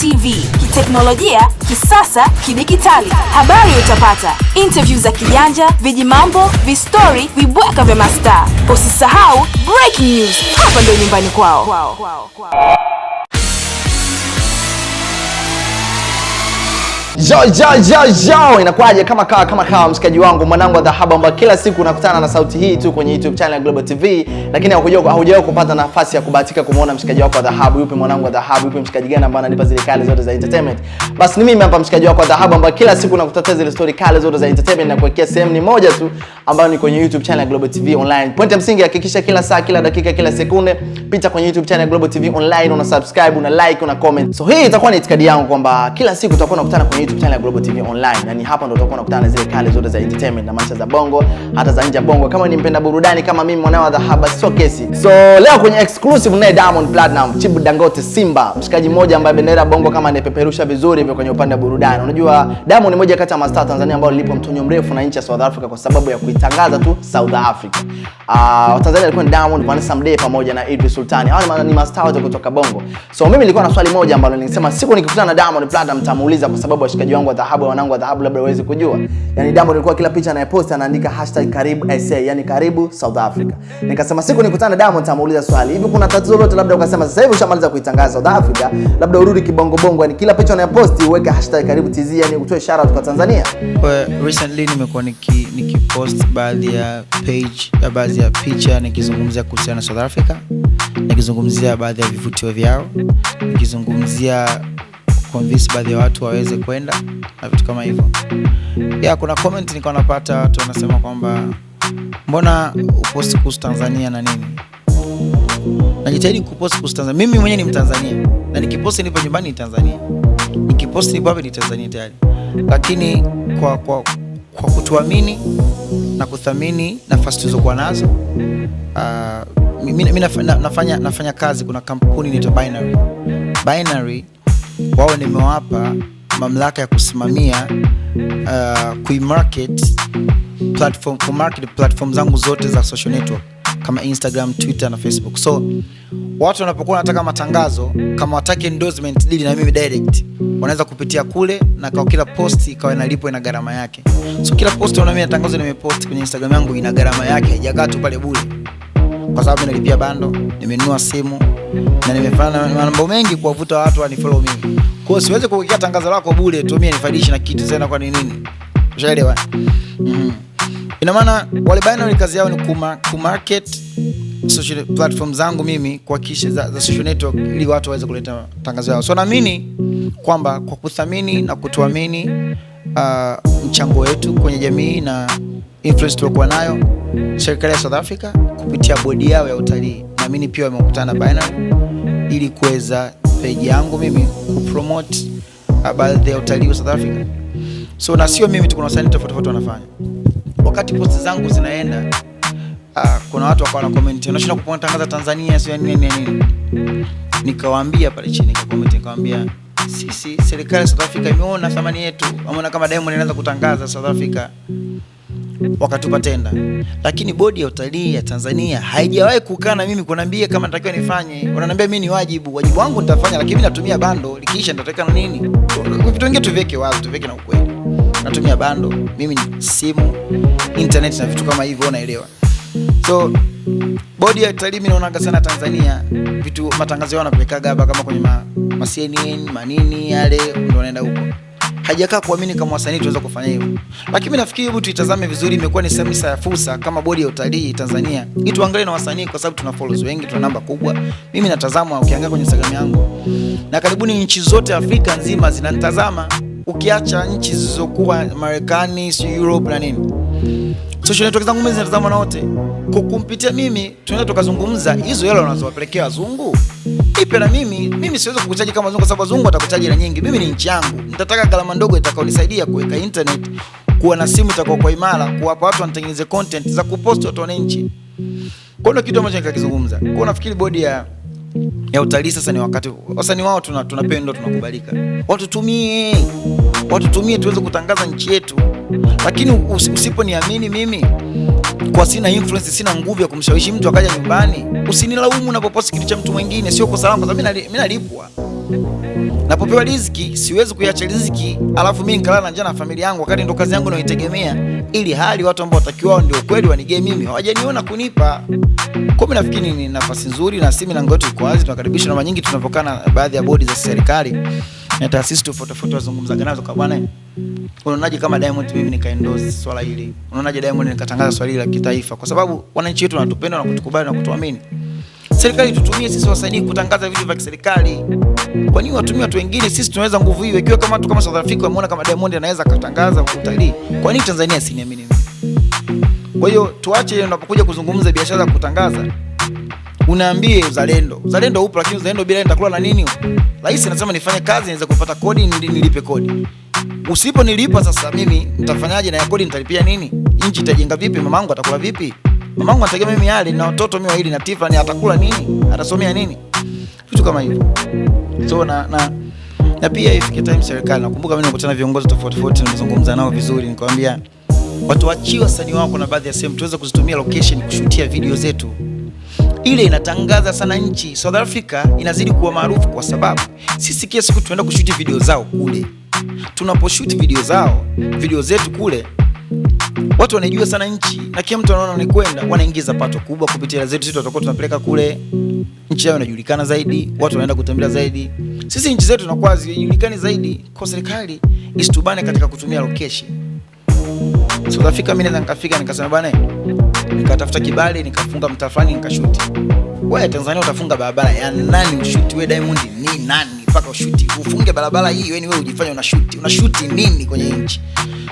TV, kiteknolojia, kisasa, kidigitali. Habari utapata interview za kijanja, vijimambo, vistori, vibweka vya mastaa. Usisahau breaking news, hapa ndio nyumbani kwao. Kwao, kwao, kwao. Yo, yo, yo, yo. Inakuwaje kama kawa kama kawa, msikaji wangu mwanangu wa dhahabu ambaye kila siku unakutana na sauti hii tu kwenye YouTube channel ya Global TV, lakini haujawahi kupata nafasi ya kubahatika kumuona msikaji wako wa dhahabu. Yupi mwanangu wa dhahabu? Yupi msikaji gani ambaye ananipa zile kale zote za entertainment? Basi ni mimi hapa msikaji wako wa dhahabu ambaye kila siku nakutetea zile story kale zote za entertainment na kuwekea sehemu ni moja tu ambayo ni kwenye YouTube channel ya Global TV Online. Point ya msingi, hakikisha kila saa, kila dakika, kila sekunde pita kwenye YouTube channel ya Global TV Online, una subscribe, una like, una comment. So hii itakuwa ni itikadi yangu kwamba kila siku tutakuwa tunakutana kwenye YouTube channel ya Global TV Online, na ni hapa ndo utakuwa unakutana na zile kale zote za entertainment na maisha za bongo hata za nje ya bongo, kama ni mpenda burudani kama mimi mwanao wa dhahaba, sio kesi. So leo kwenye exclusive naye Diamond Platinum, Chibu Dangote Simba, mshikaji mmoja ambaye bendera bongo kama anapeperusha vizuri hivyo kwenye upande wa burudani. Unajua Diamond ni moja kati ya mastaa Tanzania ambao lilipo mtonyo mrefu na nchi ya South Africa kwa sababu ya kuitangaza tu South Africa. Ah, uh, Tanzania alikuwa ni Diamond, Vanessa Mdee pamoja na Idris Sultan. Hao ni mastaa wote kutoka bongo. So mimi nilikuwa na swali moja ambalo nilisema siku nikikutana na Diamond Platinum nitamuuliza kwa sababu mshikaji wangu wa dhahabu, wanangu wa dhahabu, labda uweze kujua. Yani Diamond alikuwa kila picha anayepost anaandika hashtag karibu SA, yani karibu South Africa. Nikasema siku nikutana na Diamond nitamuuliza swali, hivi kuna tatizo lolote? Labda ukasema sasa hivi ushamaliza kuitangaza South Africa, labda urudi kibongo bongo, yani kila picha unayepost uweke hashtag karibu TZ, yani utoe ishara kwa Tanzania. Well, recently nimekuwa niki nikipost baadhi ya page, ya baadhi ya picha nikizungumzia kuhusiana na South Africa, nikizungumzia baadhi ya vivutio vyao, nikizungumzia kuconvince baadhi ya watu waweze mm. kwenda na vitu kama hivyo. Ya, kuna comment nilikuwa napata watu wanasema kwamba mbona uposti kuhusu Tanzania na nini. Najitahidi kuposti kuhusu Tanzania. Mimi mwenyewe ni Mtanzania na nikiposti nipo nyumbani ni Tanzania, nikiposti nipo hapa ni Tanzania tayari, lakini kwa, kwa, kwa kutuamini na kuthamini nafasi tulizokuwa nazo uh, ah, mimi nafanya, nafanya kazi. Kuna kampuni inaitwa Binary. Binary wao nimewapa mamlaka ya kusimamia uh, kuimarket platform, kumarket platform zangu zote za social network kama Instagram, Twitter na Facebook. So watu wanapokuwa wanataka matangazo kama wataki endorsement deal na mimi direct, wanaweza kupitia kule na kwa kila post ikawa inalipwa ina gharama yake. So kila post unaona mimi tangazo nimepost kwenye Instagram yangu ina gharama yake, haijakaa tu pale bure kwa sababu nilipia bando, nimenunua simu na nimefanya mambo mengi kuwavuta watu wanifollow mimi. Kwa hiyo siwezi kuwekea tangazo lako bure tu mimi nifaidishe na kitu tena, kwa nini nini? Ushaelewa? Mm. Ina maana wale bando ni kazi yao ni kuma, kumarket social platform zangu mimi kwa kisha za, za social network ili watu waweze kuleta tangazo yao. So naamini kwamba kwa kuthamini na kutuamini uh, mchango wetu kwenye jamii na influence tuliokuwa nayo serikali ya South Africa kupitia bodi yao ya utalii, naamini pia wamekutana baina ili kuweza peji yangu mimi kupromote baadhi ya utalii wa South Africa. So na sio mimi tu, kuna wasanii tofauti tofauti wanafanya. Wakati posti zangu zinaenda, uh, kuna watu wakawa na comment unashinda kutangaza Tanzania sio nini nini. nini. Nikawaambia pale chini kwa comment nikawaambia sisi serikali ya South Africa imeona thamani yetu, wameona kama Diamond anaweza kutangaza South Africa wakatupa tenda, lakini bodi ya utalii ya Tanzania haijawahi kukaa na mimi kuniambia kama natakiwa nifanye. Wananiambia mimi ni wajibu wajibu wangu nitafanya, lakini mimi natumia bando, likiisha nitateka na nini? Vitu vingine tuviweke wazi, tuviweke na ukweli. Natumia bando mimi, ni simu, internet na vitu kama hivyo, unaelewa? So bodi ya utalii mimi naonaga sana Tanzania, vitu matangazo yao wanapelekaga hapa kama kwenye ma, ma CNN manini yale, ndio wanaenda huko hajakaa kuamini kama wasanii tunaweza kufanya hivyo, lakini nafikiri, hebu tuitazame vizuri, imekuwa ni semisa ya fursa kama bodi ya utalii Tanzania, ili tuangalie na wasanii, kwa sababu tuna followers wengi, tuna namba kubwa. Mimi natazama, ukiangalia kwenye Instagram yangu, na karibuni nchi zote Afrika nzima zinanitazama, ukiacha nchi zilizokuwa Marekani, si Europe na nini social network zangu mimi zinatazama na wote. Kwa kumpitia mimi tunaweza tukazungumza hizo hela unazowapelekea wazungu. Ipe na mimi, mimi siwezi kukuchaji kama wazungu, sababu wazungu watakuchaji na nyingi. Mimi ni nchi yangu, nitataka gharama ndogo itakayonisaidia kuweka internet, kuwa na simu itakuwa kwa imara, kuwapa watu wanatengeneze content za kupost watu wananchi. Kwa hiyo kitu ambacho nikakizungumza. Kwa hiyo nafikiri bodi ya ya utalii sasa ni wakati sasa, ni wao tunapendwa, tuna tunakubalika, watutumie, watutumie tuweze kutangaza nchi yetu. Lakini usiponiamini mimi kwa sina influence, sina nguvu ya kumshawishi mtu akaja nyumbani, usinilaumu napoposti kitu cha mtu mwingine. Sio kosa langu, sababu mimi nalipwa napopewa riziki, siwezi kuiacha riziki alafu mimi nikalala na njaa na familia yangu, wakati ndo kazi yangu naitegemea, ili hali watu ambao watakiwa wao ndio kweli wanigee mimi hawajaniona kunipa. Kwa mimi nafikiri ni nafasi nzuri, na sisi milango yetu iko wazi, tunakaribisha na namba nyingi tunapokana baadhi ya bodi za serikali na taasisi tofauti tofauti wazungumzaga nazo kwa bwana, unaonaje kama Diamond mimi nikaendorse swala hili, unaonaje Diamond nikatangaza swala hili la kitaifa, kwa sababu wananchi wetu wanatupenda na kutukubali na kutuamini. Serikali tutumie sisi wasanii kutangaza vitu vya kiserikali. Kwa nini watumie watu wengine? Sisi tunaweza nguvu hiyo. Ikiwa kama watu kama South Africa wameona kama Diamond anaweza akatangaza utalii, kwa nini Tanzania asiniamini mimi? Kwa hiyo tuache, unapokuja kuzungumza biashara za kutangaza Unaambie uzalendo. Uzalendo upo lakini uzalendo bila nitakula na nini? Rais anasema nifanye kazi niweze kupata kodi nilipe kodi. Usipo nilipa sasa mimi nitafanyaje na ya kodi nitalipia nini? Nchi itajenga vipi? Mamangu atakula vipi? Mamangu anategemea mimi yale na watoto mimi wawili na Tiffany atakula nini? Atasomea nini? Kitu kama hivyo. So na na na pia ifike time serikali. Nakumbuka mimi nilikutana viongozi tofauti tofauti, nilizungumza nao vizuri, nikamwambia watu wachiwa wasanii wako na baadhi ya sehemu tuweze kuzitumia location kushutia video zetu ile inatangaza sana nchi. South Africa inazidi kuwa maarufu kwa sababu sisi kila siku tunaenda kushuti video zao kule. Tunaposhuti video zao, video zetu kule, watu wanaijua sana nchi, na kila mtu anaona ni kwenda, wanaingiza pato kubwa kupitia hela zetu. Sisi tutakuwa tunapeleka kule, nchi yao inajulikana zaidi, watu wanaenda kutembelea zaidi. Sisi nchi zetu tunakuwa zijulikani zaidi, kwa serikali isitubane katika kutumia location. South Africa, mimi naweza nikafika nikasema bana nikatafuta kibali nikafunga mtafani nikashuti. Wewe Tanzania utafunga barabara ya yaani nani ushuti? Wewe Diamond ni nani mpaka ushuti? Ufunge barabara hii wewe, ni wewe ujifanye una shuti nini kwenye nchi?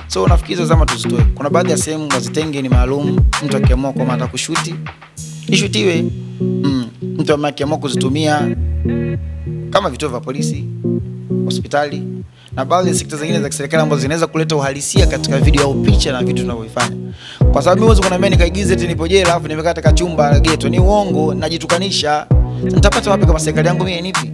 So nafikiri hizo zama tuzitoe. Kuna baadhi ya sehemu wazitenge ni maalum, mtu akiamua kwa kwamba atakushuti ishutiwe. Mm, mtu akiamua kuzitumia kama vituo vya polisi, hospitali na baadhi ya sekta zingine za kiserikali ambazo zinaweza kuleta uhalisia katika video au picha na vitu tunavyofanya. Kwa sababu mimi huwezi kuniambia nikaigize eti nipo jela afu nimekaa katika chumba la ghetto, ni uongo, najitukanisha. Nitapata wapi kama serikali yangu mimi nipi?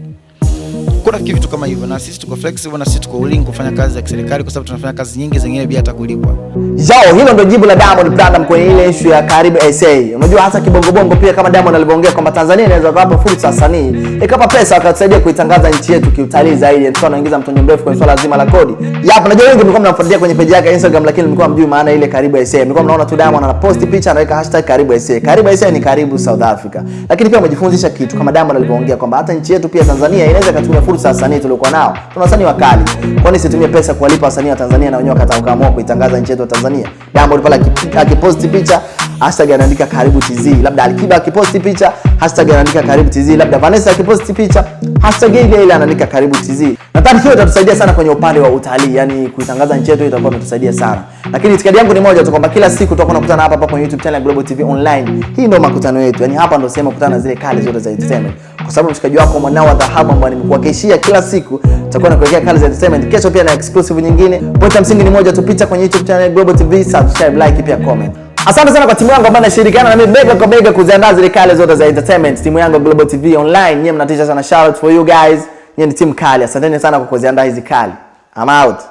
Kuna vitu kama hivyo, na sisi tuko flexible, na sisi tuko willing kufanya kazi za kiserikali kwa sababu tunafanya kazi nyingi zingine bila hata kulipwa. Yo, hilo ndo jibu la Diamond Platnumz kwenye ile issue ya Karibu SA. Unajua hasa kibongo bongo pia kama Diamond alivyoongea kwamba Tanzania inaweza kuwapa fursa wasanii, ikapa e, pesa akatusaidia kuitangaza nchi yetu kiutalii zaidi. Mtu yaani anaingiza mtonyo mrefu kwenye swala zima la kodi. Yapo, unajua wengi mlikuwa mnamfuatilia kwenye page yake Instagram lakini mlikuwa mjui maana ile Karibu SA. Mlikuwa mnaona tu Diamond anapost picha anaweka hashtag Karibu SA. Karibu SA ni Karibu South Africa. Lakini pia umejifunzisha kitu kama Diamond alivyoongea kwamba hata nchi yetu pia Tanzania inaweza kutumia fursa wasanii tuliokuwa nao. Tuna wasanii wakali. Kwani situmie pesa kuwalipa wasanii wa Tanzania na wenyewe wakataka kuamua kuitangaza nchi yetu Tanzania? Tanzania. Diamond pale akiposti picha hashtag anaandika karibu TZ, labda Alikiba akiposti picha hashtag anaandika karibu TZ, labda Vanessa akiposti picha hashtag ile ile anaandika karibu TZ. Nadhani hiyo itatusaidia sana kwenye upande wa utalii, yani kuitangaza nchi yetu itakuwa imetusaidia sana. Lakini itikadi yangu ni moja tu kwamba kila siku tutakuwa tunakutana hapa hapa kwenye YouTube channel ya Global TV Online. Hii ndio makutano yetu, yani hapa ndio sehemu kukutana zile kali zote za entertainment kwa sababu mshikaji wako mwanao wa dhahabu ambaye nimekuhakikishia kila siku tutakuwa na kuwekea Colors Entertainment kesho pia na exclusive nyingine. Pointa msingi ni moja tupita kwenye YouTube channel Global TV, subscribe, like pia comment. Asante sana kwa timu yangu ambayo inashirikiana na mimi bega kwa bega kuziandaa zile kale zote za entertainment. Timu yangu Global TV Online, nyie mnatisha sana, shout out for you guys. Nyie ni timu kali, asanteni sana kwa kuziandaa hizi kali. I'm out.